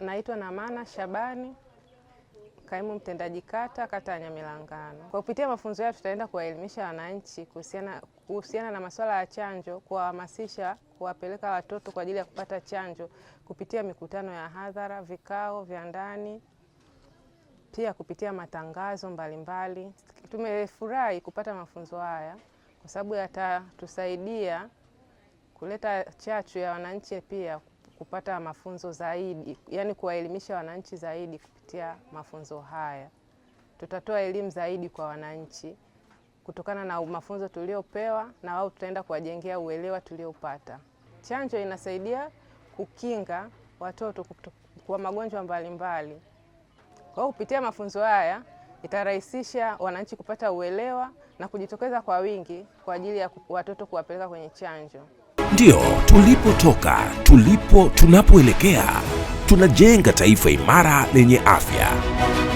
Naitwa Namana Shabani, kaimu mtendaji kata, kata ya Nyamilangano. Kwa kupitia mafunzo hayo, tutaenda kuwaelimisha wananchi kuhusiana, kuhusiana na masuala ya chanjo, kuwahamasisha kuwapeleka watoto kwa ajili ya kupata chanjo kupitia mikutano ya hadhara, vikao vya ndani, pia kupitia matangazo mbalimbali. Tumefurahi kupata mafunzo haya kwa sababu yatatusaidia kuleta chachu ya wananchi pia kupata mafunzo zaidi, yani kuwaelimisha wananchi zaidi kupitia mafunzo haya. Tutatoa elimu zaidi kwa wananchi kutokana na mafunzo tuliopewa, na wao tutaenda kuwajengea uelewa tuliopata. Chanjo inasaidia kukinga watoto kwa magonjwa mbalimbali. Kwa hiyo kupitia mafunzo haya itarahisisha wananchi kupata uelewa na kujitokeza kwa wingi kwa ajili ya watoto kuwapeleka kwenye chanjo ndio tulipotoka, tulipo, tunapoelekea, tunajenga taifa imara lenye afya.